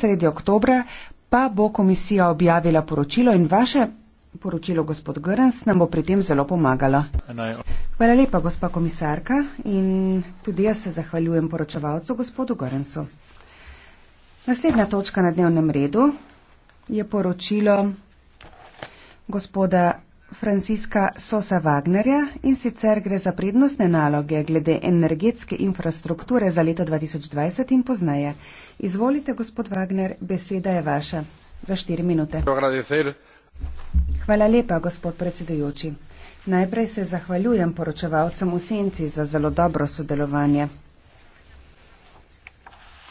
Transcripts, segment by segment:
sredi oktobra pa bo komisija objavila poročilo in vaše poročilo, gospod Grns, nam bo pri tem zelo pomagalo. Hvala lepa, gospa komisarka, in tudi jaz se zahvaljujem poročevalcu, gospodu Grnsu. Naslednja točka na dnevnem redu je poročilo gospoda Franciska Sosa Wagnerja in sicer gre za prednostne naloge glede energetske infrastrukture za leto 2020 in poznaje. Izvolite, gospod Wagner, beseda je vaša za štiri minute. Hvala lepa, gospod predsedujoči. Najprej se zahvaljujem poročevalcem v Senci za zelo dobro sodelovanje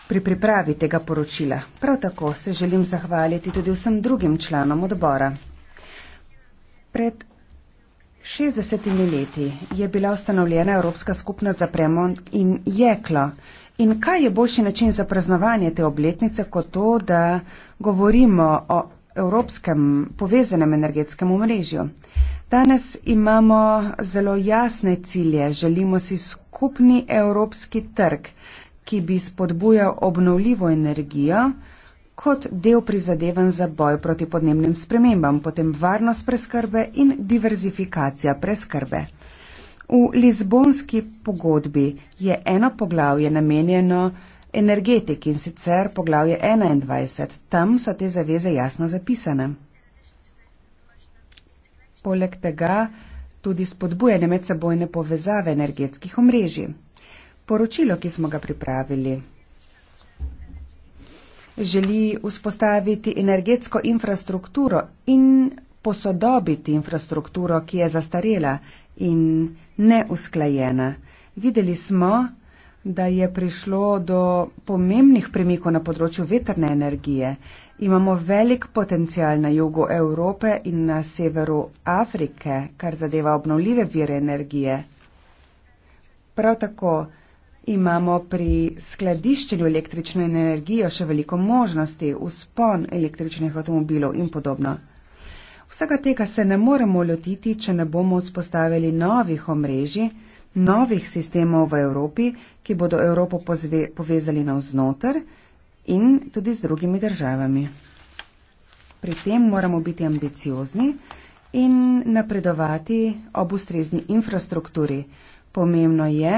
pri pripravi tega poročila. Prav tako se želim zahvaliti tudi vsem drugim članom odbora Pred 60 leti je bila ustanovljena Evropska skupnost za premon in jeklo. In kaj je boljši način za praznovanje te obletnice, kot to, da govorimo o evropskem povezanem energetskem omrežju? Danes imamo zelo jasne cilje. Želimo si skupni evropski trg, ki bi spodbujal obnovljivo energijo kot del prizadevanj za boj proti podnebnim spremembam, potem varnost preskrbe in diverzifikacija preskrbe. V Lizbonski pogodbi je eno poglavje namenjeno energetiki in sicer poglavje 21. Tam so te zaveze jasno zapisane. Poleg tega tudi spodbujene medsebojne povezave energetskih omrežij. Poročilo, ki smo ga pripravili, želi vzpostaviti energetsko infrastrukturo in posodobiti infrastrukturo, ki je zastarela in neusklajena. Videli smo, da je prišlo do pomembnih premikov na področju veterne energije. Imamo velik potencial na jugu Evrope in na severu Afrike, kar zadeva obnovljive vire energije. Prav tako imamo pri skladiščenju električne energije še veliko možnosti, vzpon električnih avtomobilov in podobno. Vsega tega se ne moremo lotiti, če ne bomo vzpostavili novih omrežij, novih sistemov v Evropi, ki bodo Evropo pozve, povezali navznoter in tudi z drugimi državami. Pri tem moramo biti ambiciozni in napredovati ob ustrezni infrastrukturi. Pomembno je,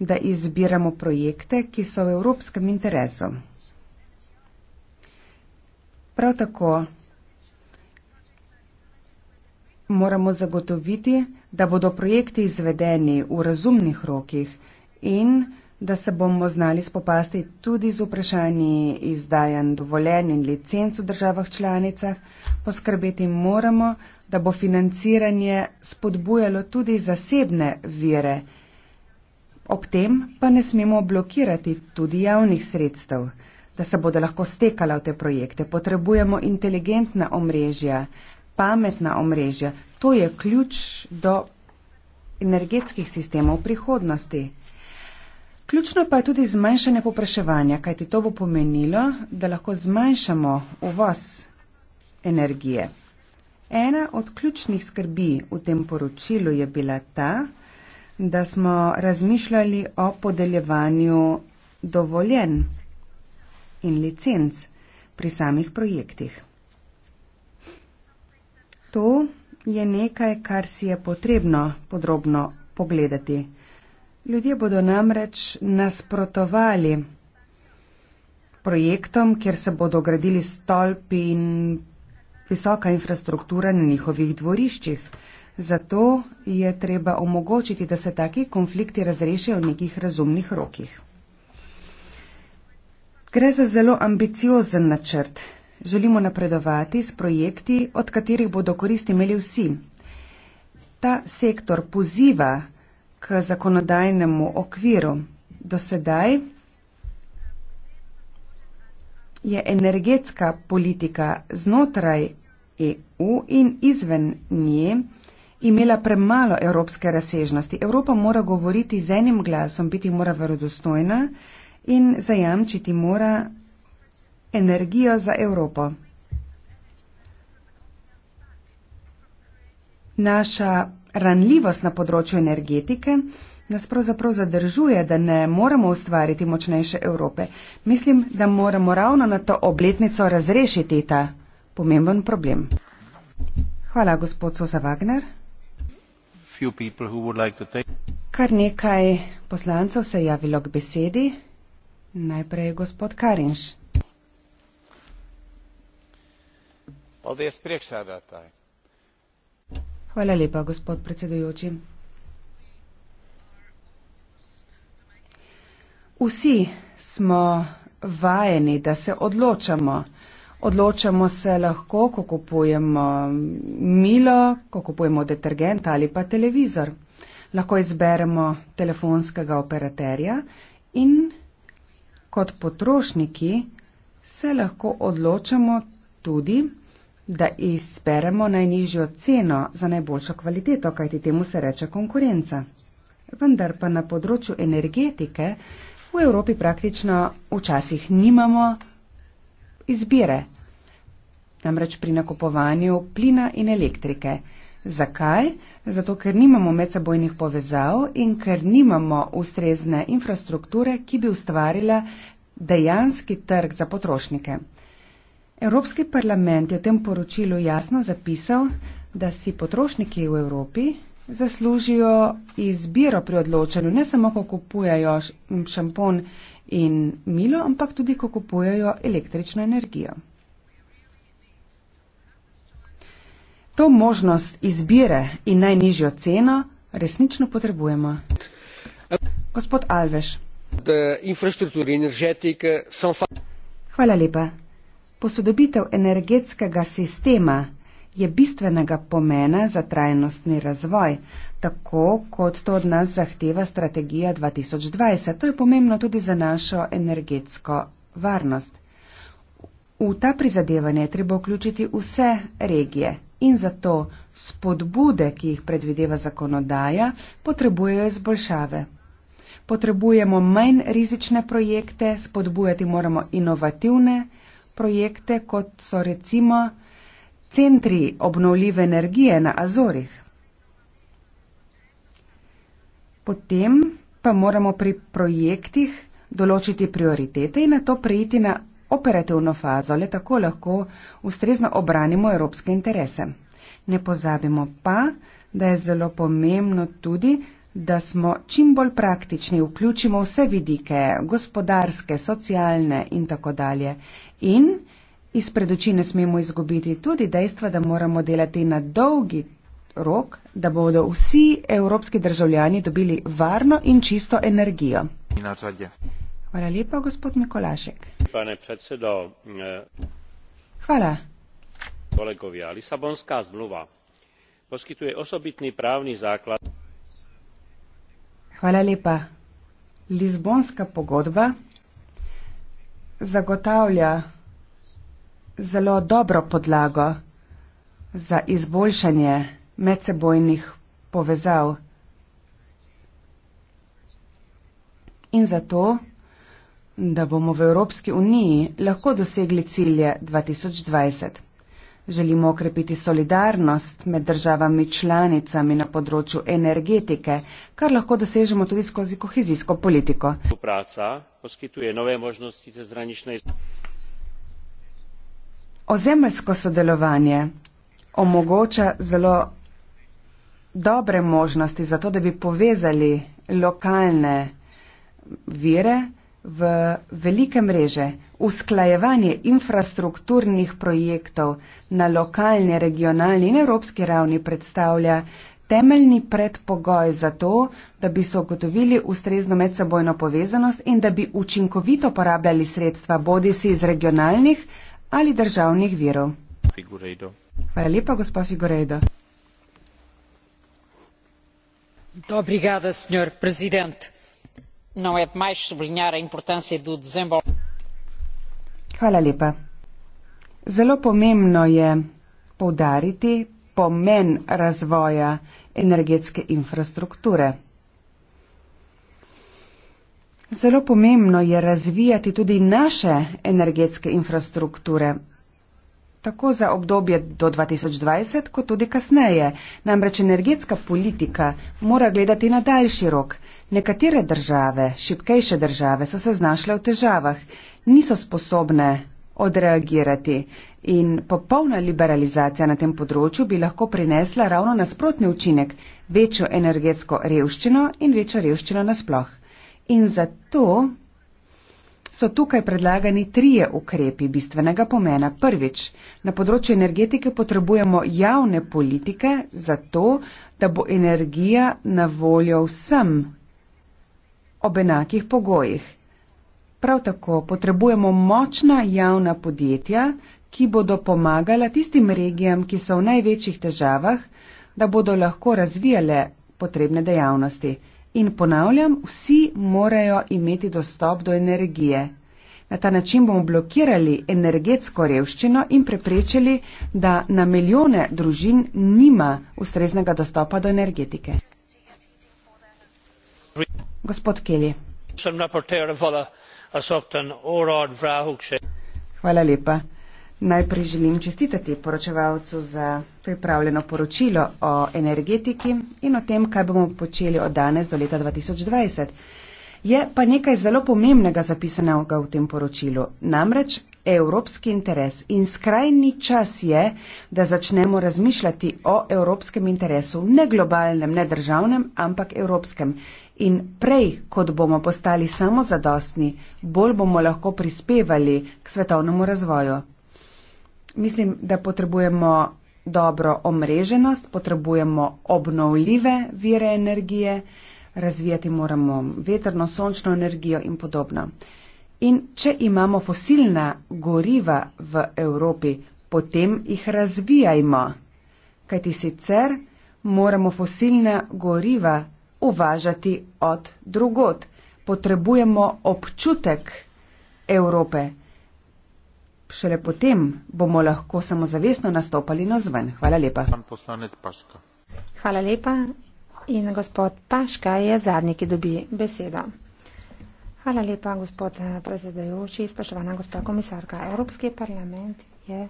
da izbiramo projekte, ki so v evropskem interesu. Prav tako moramo zagotoviti, da bodo projekti izvedeni v razumnih rokih in da se bomo znali spopasti tudi z vprašanji izdajan dovoljen in licenc v državah članicah, poskrbeti moramo, da bo financiranje spodbujalo tudi zasebne vire, Ob tem pa ne smemo blokirati tudi javnih sredstev. Da se bodo lahko stekala v te projekte, potrebujemo inteligentna omrežja, pametna omrežja. To je ključ do energetskih sistemov prihodnosti. Ključno pa je tudi zmanjšanje popraševanja, kajti to bo pomenilo, da lahko zmanjšamo uvoz energije. Ena od ključnih skrbi v tem poročilu je bila ta, da smo razmišljali o podeljevanju dovoljen in licenc pri samih projektih. To je nekaj, kar si je potrebno podrobno pogledati. Ljudje bodo namreč nasprotovali projektom, kjer se bodo gradili stolpi in visoka infrastruktura na njihovih dvoriščih. Zato je treba omogočiti, da se taki konflikti razrešijo v nekih razumnih rokih. Gre za zelo ambiciozen načrt. Želimo napredovati s projekti, od katerih bodo koristi imeli vsi. Ta sektor poziva k zakonodajnemu okviru. Do sedaj je energetska politika znotraj EU in izven nje imela premalo evropske razsežnosti. Evropa mora govoriti z enim glasom, biti mora verodostojna in zajamčiti mora energijo za Evropo. Naša ranljivost na področju energetike nas pravzaprav zadržuje, da ne moremo ustvariti močnejše Evrope. Mislim, da moramo ravno na to obletnico razrešiti ta pomemben problem. Hvala, gospod Soza Wagner. Kar nekaj poslancev se je javilo k besedi. Najprej je gospod Karinš. Hvala lepa, gospod predsedujoči. Vsi smo vajeni, da se odločamo, Odločamo se lahko, ko kupujemo mm, milo, ko kupujemo detergent ali pa televizor. Lahko izberemo telefonskega operaterja in kot potrošniki se lahko odločamo tudi, da izberemo najnižjo ceno za najboljšo kvaliteto, kajti temu se reče konkurenca. Vendar pa na področju energetike v Evropi praktično včasih nimamo izbire, namreč pri nakupovanju plina in elektrike. Zakaj? Zato, ker nimamo medsebojnih povezav in ker nimamo ustrezne infrastrukture, ki bi ustvarila dejanski trg za potrošnike. Evropski parlament je v tem poročilu jasno zapisal, da si potrošniki v Evropi zaslužijo izbiro pri odločanju, ne samo, ko kupujajo šampon in milo, ampak tudi, ko kupujejo električno energijo. To možnost izbire in najnižjo ceno resnično potrebujemo. Gospod Alves. Hvala lepa. Posodobitev energetskega sistema je bistvenega pomena za trajnostni razvoj, tako kot to od nas zahteva strategija 2020. To je pomembno tudi za našo energetsko varnost. V ta prizadevanje treba vključiti vse regije in zato spodbude, ki jih predvideva zakonodaja, potrebujejo izboljšave. Potrebujemo manj rizične projekte, spodbujati moramo inovativne projekte, kot so recimo centri obnovljive energije na Azorih. Potem pa moramo pri projektih določiti prioritete in na to prejiti na operativno fazo, le tako lahko ustrezno obranimo evropske interese. Ne pozabimo pa, da je zelo pomembno tudi, da smo čim bolj praktični, vključimo vse vidike, gospodarske, socialne in tako dalje. In izpred oči ne smemo izgubiti tudi dejstva, da moramo delati na dolgi rok, da bodo vsi evropski državljani dobili varno in čisto energijo. Hvala lepa, gospod Mikolašek. Eh, Hvala. Kolegovia, Lisabonská zmluva poskytuje osobitný právny základ. Hvala lepa. Lizbonska pogodba zagotavlja zelo dobro podlago za izboljšanje medsebojnih povezav. In zato, da bomo v Evropski uniji lahko dosegli cilje 2020. Želimo okrepiti solidarnost med državami članicami na področju energetike, kar lahko dosežemo tudi skozi kohezijsko politiko. Ozemeljsko sodelovanje omogoča zelo dobre možnosti za to, da bi povezali lokalne vire v velike mreže. Usklajevanje infrastrukturnih projektov na lokalni, regionalni in evropski ravni predstavlja temeljni predpogoj za to, da bi se ugotovili ustrezno medsebojno povezanost in da bi učinkovito porabljali sredstva bodi si iz regionalnih ali državnih virov. Figurejdo. Hvala lepa, gospod Figurejdo senhor presidente não é demais sublinhar a importância do desenvolvimento Zelo pomembno je razvijati tudi naše energetske infrastrukture, tako za obdobje do 2020, kot tudi kasneje. Namreč energetska politika mora gledati na daljši rok. Nekatere države, šipkejše države, so se znašle v težavah, niso sposobne odreagirati in popolna liberalizacija na tem področju bi lahko prinesla ravno nasprotni učinek, večjo energetsko revščino in večjo revščino nasploh. In zato so tukaj predlagani trije ukrepi bistvenega pomena. Prvič, na področju energetike potrebujemo javne politike za to, da bo energija na voljo vsem ob enakih pogojih. Prav tako potrebujemo močna javna podjetja, ki bodo pomagala tistim regijam, ki so v največjih težavah, da bodo lahko razvijale potrebne dejavnosti. In ponavljam, vsi morajo imeti dostop do energije. Na ta način bomo blokirali energetsko revščino in preprečili, da na milijone družin nima ustreznega dostopa do energetike. Gospod Kelly. Hvala lepa. Najprej želim čestitati poročevalcu za pripravljeno poročilo o energetiki in o tem, kaj bomo počeli od danes do leta 2020. Je pa nekaj zelo pomembnega zapisanega v tem poročilu, namreč evropski interes. In skrajni čas je, da začnemo razmišljati o evropskem interesu, ne globalnem, ne državnem, ampak evropskem. In prej, kot bomo postali samozadostni, bolj bomo lahko prispevali k svetovnemu razvoju. Mislim, da potrebujemo dobro omreženost, potrebujemo obnovljive vire energije, razvijati moramo veterno, sončno energijo in podobno. In če imamo fosilna goriva v Evropi, potem jih razvijajmo, kajti sicer moramo fosilna goriva uvažati od drugot. Potrebujemo občutek Evrope šele potem bomo lahko samozavestno nastopali na zven. Hvala lepa. Hvala lepa. In gospod Paška je zadnji, ki dobi besedo. Hvala lepa, gospod eh, predsedajoči, spoštovana gospa komisarka. Evropski parlament je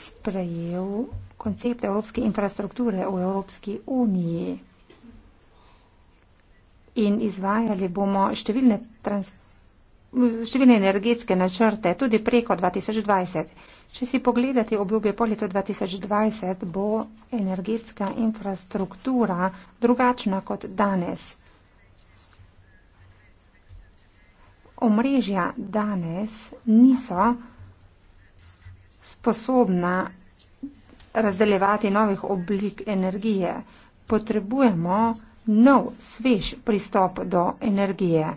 sprejel koncept evropske infrastrukture v Evropski uniji in izvajali bomo številne transporte številne energetske načrte tudi preko 2020. Če si pogledate obljube po letu 2020, bo energetska infrastruktura drugačna kot danes. Omrežja danes niso sposobna razdeljevati novih oblik energije. Potrebujemo nov, svež pristop do energije.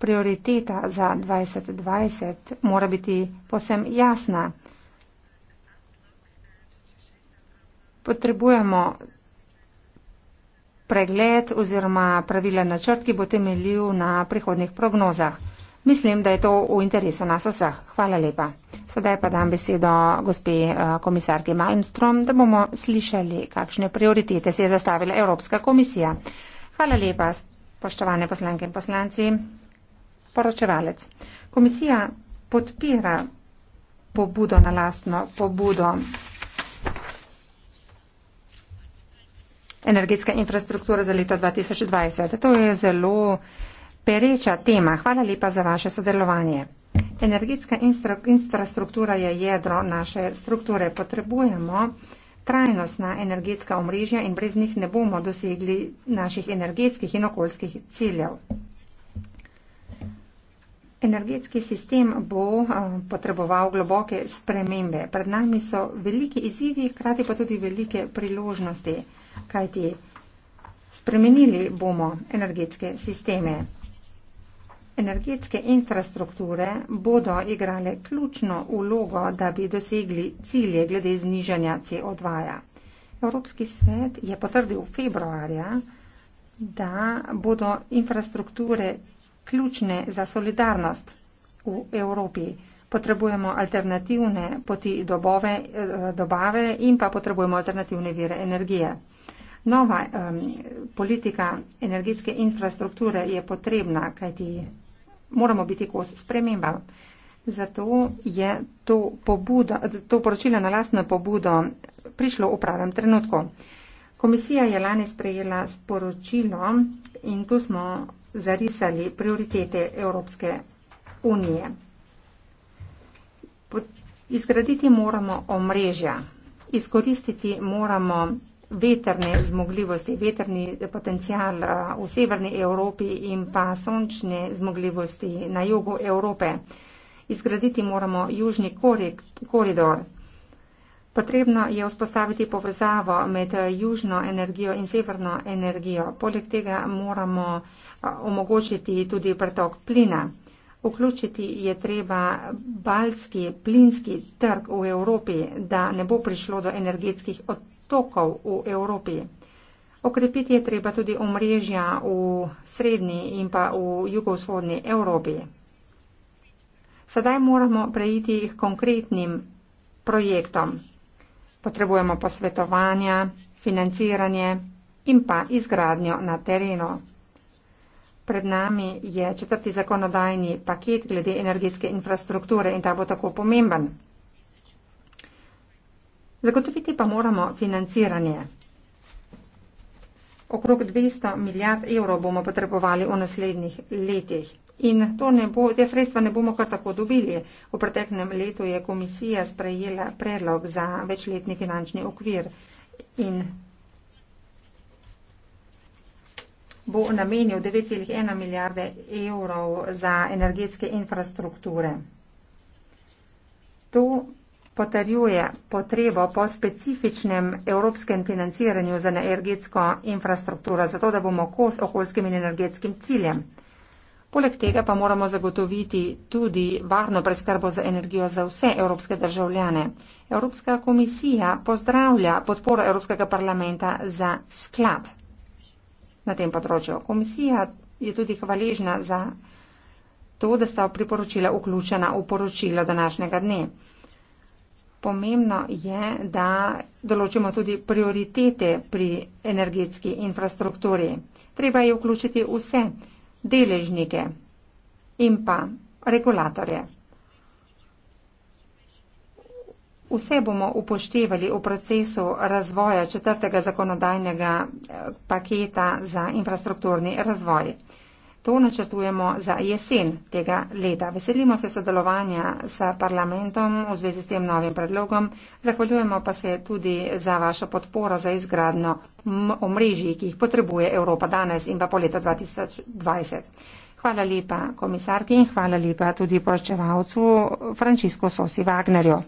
Prioriteta za 2020 mora biti posem jasna. Potrebujemo pregled oziroma pravila načrt, ki bo temeljil na prihodnih prognozah. Mislim, da je to v interesu nas vseh. Hvala lepa. Sedaj pa dam besedo gospe eh, komisarki Malmstrom, da bomo slišali, kakšne prioritete si je zastavila Evropska komisija. Hvala lepa, poštovane poslanke in poslanci poročevalec. Komisija podpira pobudo na lastno pobudo energetska infrastruktura za leto 2020. To je zelo pereča tema. Hvala lepa za vaše sodelovanje. Energetska infrastruktura je jedro naše strukture. Potrebujemo trajnostna energetska omrežja in brez njih ne bomo dosegli naših energetskih in okoljskih ciljev. Energetski sistem bo eh, potreboval globoke spremembe. Pred nami so veliki izzivi, hkrati pa tudi velike priložnosti, kajti spremenili bomo energetske sisteme. Energetske infrastrukture bodo igrale ključno ulogo, da bi dosegli cilje glede znižanja CO2. -ja. Evropski svet je potrdil februarja, da bodo infrastrukture ključne za solidarnost v Evropi. Potrebujemo alternativne poti dobove, eh, dobave in pa potrebujemo alternativne vire energije. Nova um, politika energetske infrastrukture je potrebna, kajti moramo biti kos spremembam. Zato je to, pobudo, to poročilo na lastno pobudo prišlo v pravem trenutku. Uh, Komisija je lani sprejela sporočilo in tu smo zarisali prioritete Evropske unije. Izgraditi moramo omrežja, izkoristiti moramo veterne zmogljivosti, veterni potencial eh, v severni Evropi in pa sončne zmogljivosti na jugu Evrope. Izgraditi moramo južni korik, koridor. Potrebno je vzpostaviti povezavo med eh, južno energijo in severno energijo. Poleg tega moramo eh, omogočiti tudi pretok plina. Vključiti je treba balski plinski trg v Evropi, da ne bo prišlo do energetskih otokov v Evropi. Okrepiti je treba tudi omrežja v srednji in pa v jugovzhodni Evropi. Sedaj moramo preiti k konkretnim projektom. Potrebujemo posvetovanja, financiranje in pa izgradnjo na terenu. Pred nami je četrti zakonodajni paket glede energetske infrastrukture in ta bo tako pomemben. Zagotoviti pa moramo financiranje. Okrog 200 milijard evrov bomo potrebovali v naslednjih letih. In to ne bo, te sredstva ne bomo kar tako dobili. V preteklem letu je komisija sprejela predlog za večletni finančni okvir in bo namenil 9,1 milijarde evrov za energetske infrastrukture. To potrjuje potrebo po specifičnem evropskem financiranju za energetsko infrastrukturo, zato da bomo kos okoljskim in energetskim ciljem. Poleg tega pa moramo zagotoviti tudi varno preskrbo za energijo za vse evropske državljane. Evropska komisija pozdravlja podporo Evropskega parlamenta za sklad na tem področju. Komisija je tudi hvaležna za to, da sta priporočila vključena v poročilo današnjega dne. Pomembno je, da določimo tudi prioritete pri energetski infrastrukturi. Treba je vključiti vse deležnike in pa regulatorje. Vse bomo upoštevali v procesu razvoja četrtega zakonodajnega eh, paketa za infrastrukturni razvoj. To načrtujemo za jesen tega leta. Veselimo se sodelovanja s parlamentom v zvezi s tem novim predlogom. Zahvaljujemo pa se tudi za vašo podporo za izgradno omrežij, ki jih potrebuje Evropa danes in pa po leto 2020. Hvala lepa komisarki in hvala lepa tudi poročevalcu Francisco Sosi Wagnerju.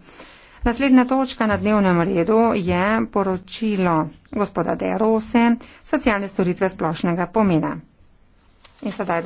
Naslednja točka na dnevnem redu je poročilo gospoda De Rose, socialne storitve splošnega pomena. In sedaj,